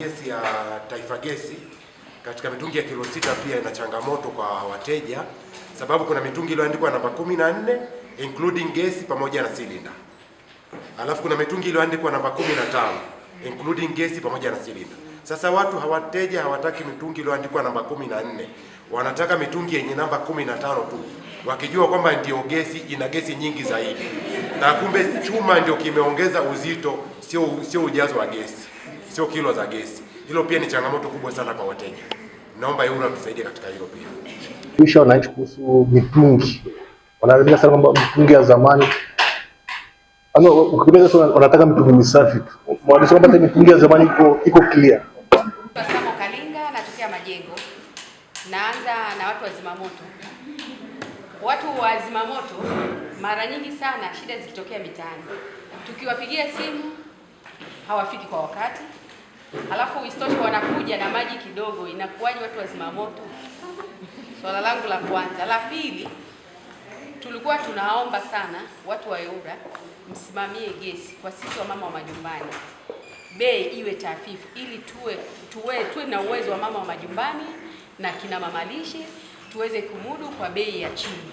Gesi ya Taifa Gesi katika mitungi ya kilo sita pia ina changamoto kwa wateja, sababu kuna mitungi iliyoandikwa namba 14 including gesi pamoja na silinda, alafu kuna mitungi iliyoandikwa namba 15 including gesi pamoja na silinda. Sasa watu hawateja hawataki mitungi iliyoandikwa namba 14, wanataka mitungi yenye namba 15 tu, wakijua kwamba ndio gesi ina gesi nyingi zaidi, na kumbe chuma ndio kimeongeza uzito, sio sio ujazo wa gesi sio kilo za gesi. Hilo pia ni changamoto kubwa sana kwa wateja. Naomba EWURA tusaidie katika hilo pia. Kisha wananchi kuhusu mitungi, wanalalamika sana kwamba mitungi ya zamani ama ukipenda sasa, wanataka mitungi misafi tu, wanasema kwamba hata mitungi ya zamani iko iko clear. Pasamo Kalinga, natokea Majengo, naanza na watu wa zimamoto. Watu wa zimamoto mara nyingi sana shida zikitokea mitaani, tukiwapigia simu hawafiki kwa wakati alafu isitoshe wanakuja na maji kidogo, inakuwaje watu wa zimamoto? Swala langu la kwanza. La pili, tulikuwa tunaomba sana watu wa EWURA msimamie gesi kwa sisi wamama wa majumbani, bei iwe tafifu ili tuwe, tuwe, tuwe na uwezo wa mama wa majumbani na kina mama lishe tuweze kumudu kwa bei ya chini,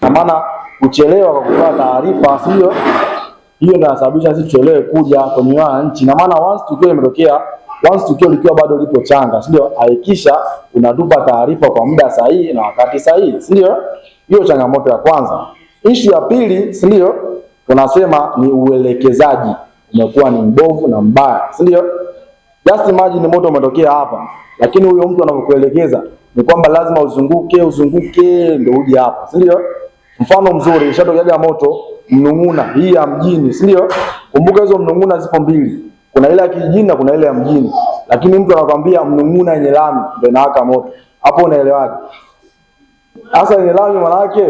na maana kuchelewa kwa kupata taarifa sio hiyo ndio inasababisha sisi tuelewe kuja kwenye wa nchi na maana, once tukio limetokea, once tukio likiwa bado lipo changa, si ndio? Hakikisha unatupa taarifa kwa muda sahihi na wakati sahihi, si ndio? Hiyo changamoto ya kwanza. Ishu ya pili, si ndio, tunasema ni uelekezaji umekuwa ni mbovu na mbaya, si ndio? Just imagine moto umetokea hapa, lakini huyo mtu anakuelekeza ni kwamba lazima uzunguke, uzunguke ndio uje hapa, si ndio? Mfano mzuri, ishatokea moto mnung'una hii ya mjini, si ndio? Kumbuka hizo mnung'una zipo mbili, kuna ile ya kijijini na kuna ile ya mjini, lakini mtu anakwambia mnung'una yenye lami ndio inawaka moto. Hapo unaelewaje? Sasa yenye lami maana yake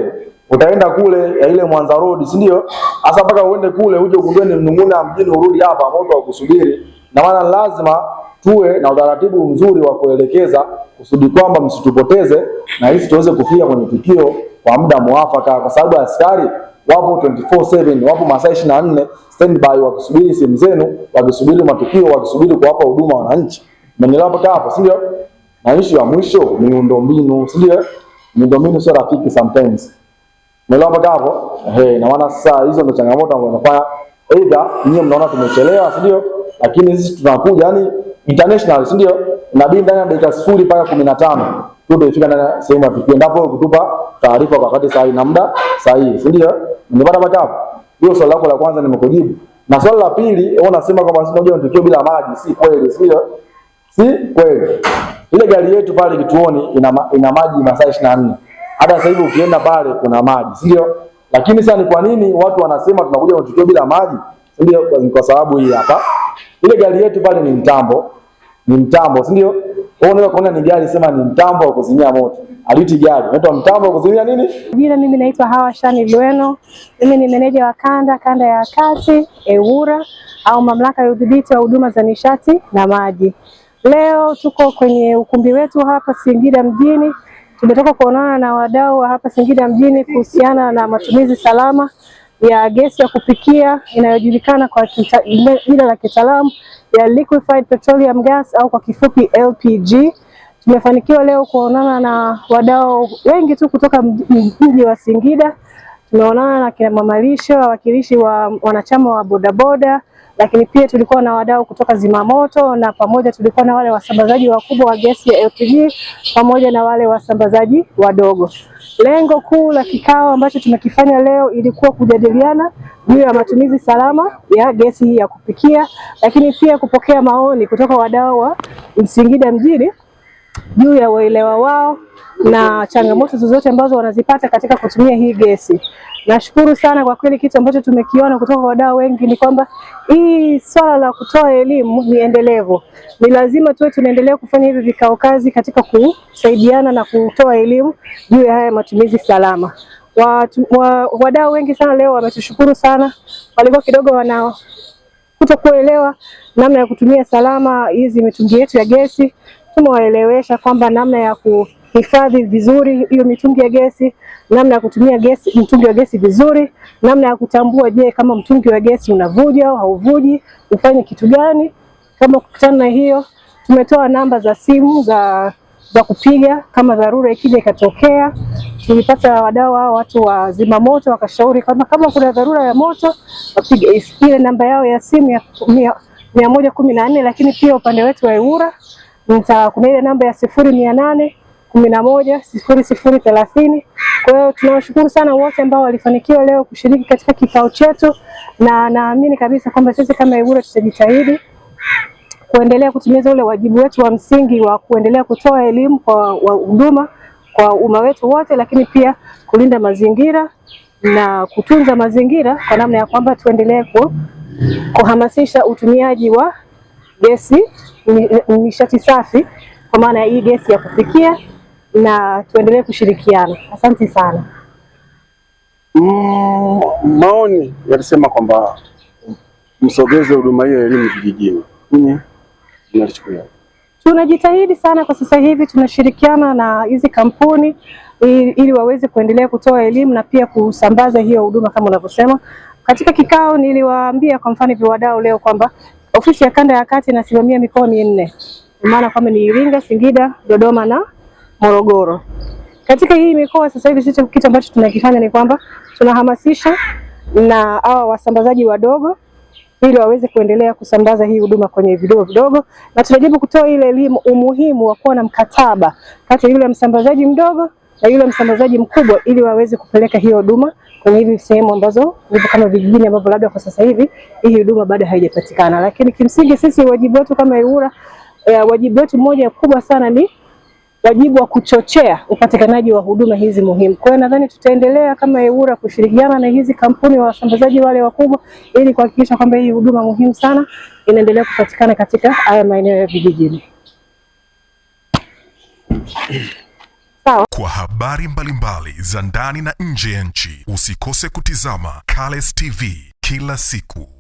utaenda kule ya ile Mwanza Road, si ndio? Sasa mpaka uende kule uje ugundue ni mnung'una ya mjini, urudi hapa, moto ukusubiri. Na maana lazima tuwe na utaratibu mzuri wa kuelekeza kusudi kwamba msitupoteze na hisi tuweze kufika kwenye tukio kwa muda mwafaka, kwa sababu askari wapo 24/7, wapo masaa 24 standby, wakisubiri simu zenu, wakisubiri matukio, wakisubiri kuwapa huduma wananchi. Mmenielewa hapo hapo, si ndio? Na issue ya mwisho ni miundombinu, si ndio? Miundombinu sio rafiki sometimes, mmenielewa hapo hapo eh. Na maana sasa hizo ndio changamoto ambazo wanafanya. aidha nyinyi mnaona tumechelewa, si ndio? Lakini sisi tunakuja, yani international, si ndio? Inabidi ndani ya dakika 0 mpaka 15 ndio tufika ndani ya sehemu ya tukio, ndipo kutupa taarifa kwa wakati sahihi na muda sahihi, si ndio? Umepata bata hiyo. Swali lako la kwanza nimekujibu, na swali la pili wewe unasema kwamba sisi tunajua tukio bila maji, si kweli, si ndio? Si kweli. Ile gari yetu pale kituoni ina, ina maji masaa 24. Hata sasa hivi ukienda pale kuna maji, si ndio? Lakini sasa ni kwa nini watu wanasema tunakuja na tukio bila maji? Si ndio? Kwa sababu hii hapa. Ile gari yetu pale ni mtambo, ni mtambo, si ndio? Wewe unaweza kuona ni gari sema ni mtambo wa kuzimia moto. Aliti gari. Unaitwa mtambo wa kuzimia nini? Jina mimi naitwa Hawa Shani Lweno. Mimi ni meneja wa kanda kanda ya kati EWURA au mamlaka ya udhibiti wa huduma za nishati na maji. Leo tuko kwenye ukumbi wetu hapa Singida mjini. Tumetoka kuonana na wadau hapa Singida mjini kuhusiana na matumizi salama ya gesi ya kupikia inayojulikana kwa jina la kitaalamu ya liquefied petroleum gas au kwa kifupi LPG. Tumefanikiwa leo kuonana na wadau wengi tu kutoka mji wa Singida. Tumeonana na kina mamalisho, wawakilishi wa wanachama wa bodaboda lakini pia tulikuwa na wadau kutoka zimamoto na pamoja tulikuwa na wale wasambazaji wakubwa wa gesi ya LPG pamoja na wale wasambazaji wadogo. Lengo kuu la kikao ambacho tumekifanya leo ilikuwa kujadiliana juu ya matumizi salama ya gesi hii ya kupikia, lakini pia kupokea maoni kutoka wadau wa Singida mjini juu ya uelewa wao na changamoto zozote ambazo wanazipata katika kutumia hii gesi. Nashukuru sana kwa kweli, kitu ambacho tumekiona kutoka wadau wengi ni kwamba hii swala la kutoa elimu ni endelevu, ni lazima tuwe tunaendelea kufanya hivi vikao kazi katika kusaidiana na kutoa elimu juu ya haya matumizi salama. Watu, wa, wadau wengi sana leo wametushukuru sana, walikuwa kidogo wana kutokuelewa namna ya kutumia salama hizi mitungi yetu ya gesi, tumewaelewesha kwamba namna ya kuhifadhi vizuri hiyo mitungi ya gesi, namna ya kutumia gesi, mtungi wa gesi vizuri, namna ya kutambua, je, kama mtungi wa gesi unavuja au hauvuji, ufanye kitu gani kama kukutana na hiyo. Tumetoa namba za simu za za kupiga kama dharura ikija ikatokea. Tulipata wadau hao watu wa zimamoto wakashauri kama kama kuna dharura ya moto wapige ile namba yao ya simu ya mia moja kumi na nne, lakini pia upande wetu wa EWURA nita Kuna ile namba ya sifuri mia nane kumi na moja sifuri sifuri thelathini. Kwa hiyo tunawashukuru sana wote ambao walifanikiwa leo kushiriki katika kikao chetu, na naamini kabisa kwamba sisi kama Ibura tutajitahidi kuendelea kutimiza ule wajibu wetu wa msingi wa kuendelea kutoa elimu kwa huduma kwa umma wetu wote, lakini pia kulinda mazingira na kutunza mazingira kwa namna ya kwamba tuendelee kuhamasisha utumiaji wa gesi nishati safi, kwa maana ya hii gesi ya kupikia, na tuendelee kushirikiana. Asante sana. Mm, maoni yalisema kwamba msogeze huduma hiyo ya elimu vijijini. Mm. Ninyi Tunajitahidi sana kwa sasa hivi, tunashirikiana na hizi kampuni ili, ili waweze kuendelea kutoa elimu na pia kusambaza hiyo huduma kama unavyosema. Katika kikao niliwaambia kwa mfano viwadau leo kwamba Ofisi ya kanda ya kati inasimamia mikoa minne, maana kwamba ni Iringa, Singida, Dodoma na Morogoro. Katika hii mikoa sasa hivi sisi kitu ambacho tunakifanya ni kwamba tunahamasisha na hawa wasambazaji wadogo ili waweze kuendelea kusambaza hii huduma kwenye vidogo vidogo, na tunajaribu kutoa ile elimu umuhimu wa kuwa na mkataba kati ya yule msambazaji mdogo na yule msambazaji mkubwa, ili waweze kupeleka hiyo huduma kwenye hivi sehemu ambazo zipo kama vijijini ambapo labda kwa sasa hivi hii huduma bado haijapatikana. Lakini kimsingi sisi wajibu wetu kama EWURA eh, wajibu wetu mmoja kubwa sana ni wajibu wa kuchochea upatikanaji wa huduma hizi muhimu. Kwa hiyo nadhani tutaendelea kama EWURA kushirikiana na hizi kampuni wa wasambazaji wale wakubwa ili kuhakikisha kwamba hii huduma muhimu sana inaendelea kupatikana katika haya maeneo ya vijijini. Sawa. Kwa habari mbalimbali za ndani na nje ya nchi, usikose kutizama Cales TV kila siku.